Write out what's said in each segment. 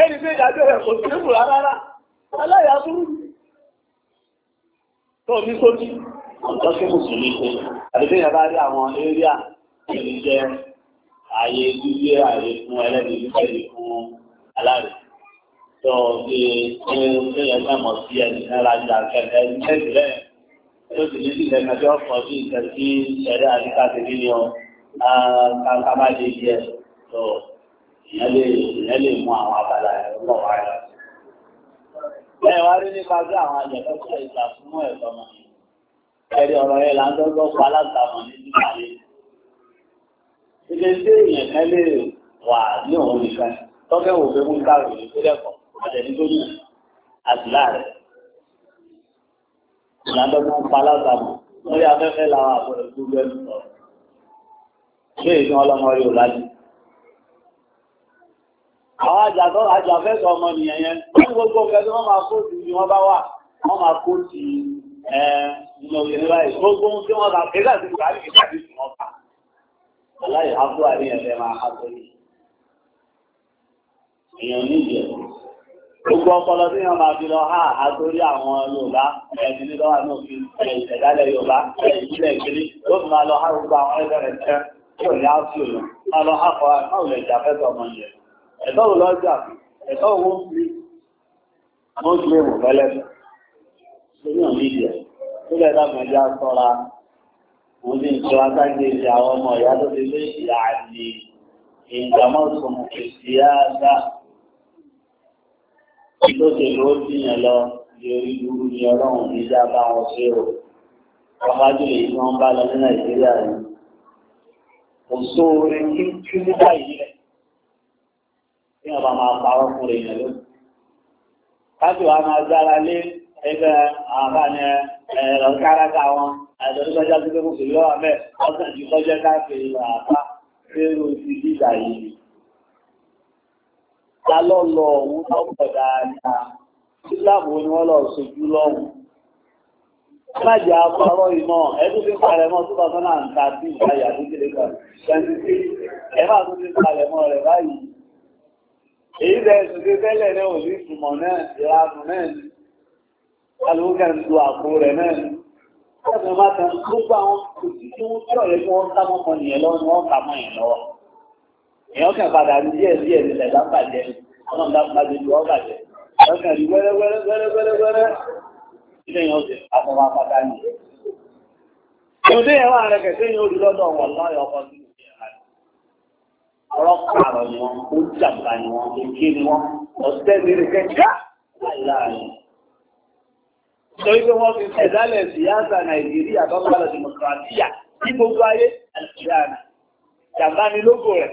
ẹni tí ìdájọ́ rẹ̀ kò sí ìrù rárá aláyà burú tó ní sójú ọjọ́ sí mùsùlùmí ṣe àdébí yẹn bá rí àwọn eréà ẹni jẹ́ ààyè gbígbé ààyè fún ẹlẹ́ni nígbẹ̀rẹ̀ fún aláàrẹ tó ṣe ṣe yẹn mọ̀ sí ẹni náírà ní àkẹ́kẹ́ ẹni tẹ́gbẹ̀rẹ́ tó sì ní sí ìdẹ́gbẹ́jọ́ ọkọ̀ sí ìtẹ̀sí ẹ̀rẹ́ àríkà tèmi ni ọ kábàdé ìyẹn mú àwọn abala ìrọ́pọ̀ wá lọ. ẹ wá rí nípa bí àwọn àjẹsọ́kọ̀ ìgbà fún ẹ̀tọ́ mọ́ ẹ̀rí ọ̀rọ̀ yẹn là ń dọ́gbọ́ pa aláǹtàmọ̀ ní nípa lé. ilé tí èèyàn kan lè wà ní òun nìkan tọ́kẹ́ wò pé mú káàrò ní tó lẹ́kọ̀ọ́ àtẹ̀ní tó ní àdúrà rẹ̀. là ń dọ́gbọ́ pa aláǹtàmọ̀ lórí afẹ́fẹ́ làwọn àbọ̀rẹ̀ gbogbo ẹ̀ àwọn àjàtọ́ àjàfẹ́sọ ọmọ nìyẹn yẹn wọ́n ní gbogbo nǹkan tí wọ́n máa kó sí ni wọ́n bá wà wọ́n máa kó sí ìmọ̀ òyìnbó báyìí gbogbo ohun tí wọ́n bá kéde àti ìgbàlè ìgbàlè tí wọ́n bá aláì abúlé àríyàn fẹ́ máa ha tó yìí èèyàn níjẹ gbogbo ọpọlọ tí wọ́n máa fi lọ ha àtórí àwọn Yorùbá ẹni nílọ wà náà fi ìṣẹ̀dálẹ̀ Yorùbá ìbílẹ̀ ìgbélé yóò fi máa lọ ha gbogbo àwọn ẹgbẹ́ rẹ̀ tẹ́ yóò ní á sí òun máa lọ ha kọ́ ẹ̀tọ́ wò lọ́jà ẹ̀tọ́ wò ń fi wọ́n gbé wò fẹ́lẹ́ lórí ọ̀nà ìdíyẹ tó lẹ́ dàgbà já sọ́ra wọ́n ti ń sọ akáńdé ti àwọn ọmọ ìyá tó ti lé ìyá àti ìgbàmọ́ sọmọ èsì àdá tó ti ló dìyàn lọ di orí burú ni bá lọ ní nàìjíríà yìí kò kí ní báyìí rẹ̀ ní ọba máa parọ́ fún rẹ̀ yẹn ló. kájú wa máa gbára lé ẹgbẹ́ àbáni ẹ̀rọ káràkà wọn àìdọ́dúgbàjá tó kéwòn sí lọ́wọ́ abẹ́ ọ̀sán ju kọjá káàkiri àbá fẹ́rù ti dìgbà yìí. ta lọ lọ òun tó pọ̀ dáadáa síláàmù ni wọ́n lọ sojú lọ́hùn. Májì àpárọ̀ ìmọ̀ ẹ̀dùn fi tó kéré kan. mọ́ rẹ̀ báyìí èyí bẹ́ẹ̀ ṣùgbé tẹ́lẹ̀ náà ò ní ìtumọ̀ náà ìlànà náà ni alùpùpù ń lo àpò rẹ̀ náà ni ọ̀sẹ̀ máa tẹ̀ gbogbo àwọn kò sí tí wọ́n tí ọ̀rẹ́ tí wọ́n ká kan nìyẹn lọ́wọ́ ni wọ́n kà mọ́ yẹn lọ́wọ́ èèyàn kàn padà ní díẹ̀ díẹ̀ nílẹ̀ lábàjẹ́ ọ̀nà ìdábàjẹ́ ju ọ̀bàjẹ́ ọ̀kàn rí wẹ́rẹ́wẹ́rẹ́wẹ́rẹ́wẹ́rẹ́ ilé yẹn ó ti ọlọ́pàá ni wọ́n ó jàmbá ni wọ́n èké ni wọ́n ọ̀sẹ̀ ní rẹ̀ kẹ́kẹ́ láàrin. Torí pé wọ́n fi ṣẹ̀dálẹ̀ síyáàsà Nàìjíríà lọ́pàá dìmọ̀kìràtíyà ní gbogbo ayé àìsíyáàna. Jàmbá ni lógo rẹ̀.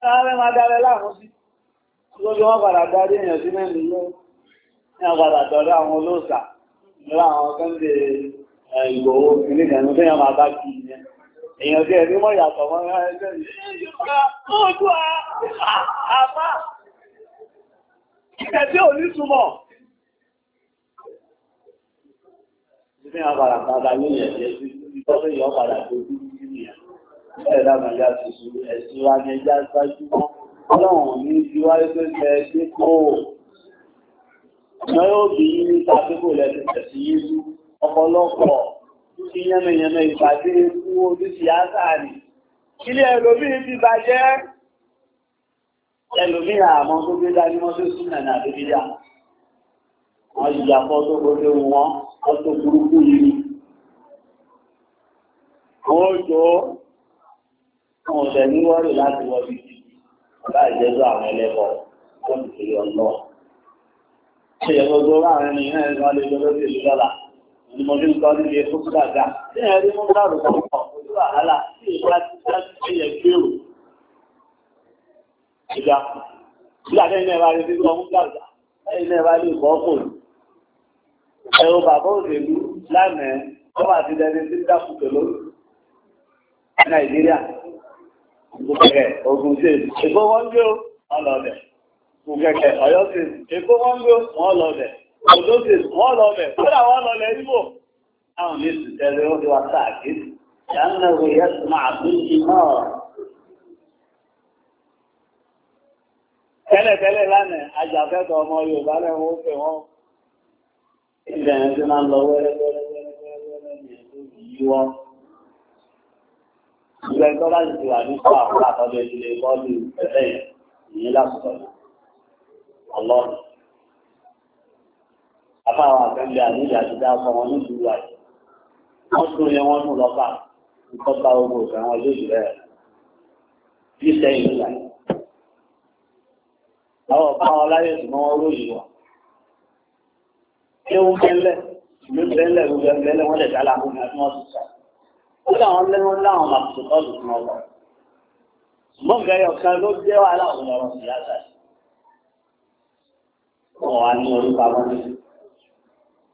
Sáré máa darẹ̀ láàrún sí. Lójú wọn padà darí èèyàn sí mẹ́rin ló ní àpadà dọ̀rẹ́ àwọn olóòṣà. Ìlú àwọn kẹ́ńdé ìgbòho ìlú ìgbàlódé yẹn máa bá kì í èèyàn jẹ́ ẹni mọ́ ìyàtọ̀ mọ́ ẹgbẹ́ ìṣẹ́jú àpá ìṣẹ́ tí ò ní túmọ̀ ní àpàrà padà ní ẹ̀jẹ̀ sí ìtọ́fẹ́ ìyọ́ padà tó bí ní ẹ̀dá màjá tuntun ẹ̀sùn wa ní ẹjá sájú kí yánnayànna ìpàdé ikú olùsíyásá ni ilé ẹlòmí ti bàjẹ́ ẹlòmí àmọ́ tó gbé dání mọ́ tó súnmọ̀ náà tó bíyà wọ́n ìyàpọ̀ tó gbogbo wọn wọ́n tó burúkú yìí wọ́n jọ wọn ọ̀sẹ̀ ní wọ́rì láti wọ́n bí ọ̀gá ìjẹ́jọ́ àwọn ẹlẹ́bọ̀ wọ́n ti fi ọlọ́ ṣe ìyẹ̀kọ́ tó láàrin ní ẹ̀rọ alẹ́jọ́ lọ́sẹ̀ lọ́la mọ̀ ní nǹkan nílé tó kú dáadáa tí ẹ̀ rí mún dáàrù kan pọ̀ ojú wàhálà tí ìgbà tí ìgbà tí ìyẹn gbèrò ìjà tí àdé ilé wa rí nínú ọmú dàgbà ẹ̀yìn ilé wa rí ìbọn kò ní. ẹ̀rọ bàbá òṣèlú lánàá ọba àti dẹni tí ń dàkú pẹ̀lú nàìjíríà gbogbo ogun ṣe èkó wọn gbé ọ olóṣè wọ́n lọ bẹ̀ kódà wọ́n lọ lẹ̀ níbò àwọn ní ìsìtẹ́lẹ̀ wọ́n ti wá káàkiri ìyáńnà rẹ̀ yẹ́ tó máa tó ṣe náà tẹ́lẹ̀tẹ́lẹ̀ lánàá ajàfẹ́tọ̀ ọmọ Yorùbá lẹ́wọ́n ó pè wọ́n ilẹ̀ ẹ̀ tí máa ń lọ wẹ́rẹ́wẹ́rẹ́wẹ́rẹ́ ní ẹ̀kọ́ yìí wọ́n ìgbẹ́ tó bá ti wà nípa àwọn àtọ́jọ́ ìdílé bọ́ọ̀lù tẹ́lẹ̀ yìí lásìkò ọlọ́run àbáwọn àgbẹ̀lẹ̀ àníyàn àti dáàbọ̀ wọn ní ìlú àyè wọ́n tún lé wọ́n mú lọ́pàá nǹkan bá ogun òfin àwọn rẹ̀ bí sẹ́yìn nílà àwọn ọ̀pá wọn láyé ìsúná wọn ròyìn wọn ewu bẹ́lẹ̀ ìlú bẹ́lẹ̀ ìlú bẹ́lẹ̀ wọ́n lè dálá fún mi àti wọ́n ti sọ ó láwọn lẹ́nu láwọn màkùtù tọ́lù fún ọlọ́ ṣùgbọ́n gẹ́yọ̀ kan ló ní ìlú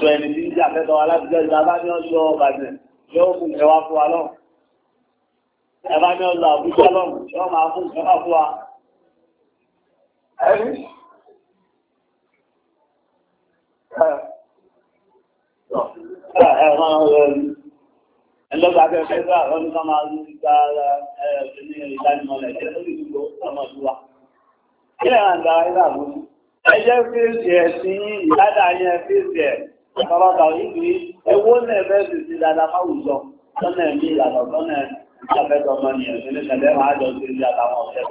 sọ ẹni tí ń jà fẹ́tọ̀ alábìjọ́ ìlà bá ní ọjọ́ ọ̀bàjẹ́ yóò fún ẹwà fún wa lọ́wọ́ ẹ̀bá ní ọjọ́ àbújá lọ́wọ́ yóò máa fún ẹwà fún wa ẹ̀rí ẹ̀rọ ẹlọ́gbà abẹ́fẹ́ gbà wọ́n ní sọ́mà ní ìgbà ìdánimọ̀lẹ̀ ẹ̀jẹ̀ lórí ìdúgbò ọmọ ìdúwà ilẹ̀ àǹdà ìlàmú ẹjẹ́ fèsì ẹ̀sìn ìlàdà yẹn fèsì Àkọ́bá tàbí ẹwọ́ náà fẹ́ sì sí fáwùjọ lọ́nà ẹ̀mí ìyàtọ̀ lọ́nà ìjàfẹ́tọ̀ ọmọ nìyẹn nílẹ̀ tẹ̀lé máa jọ sí ìjàtàwọn ọ̀sẹ̀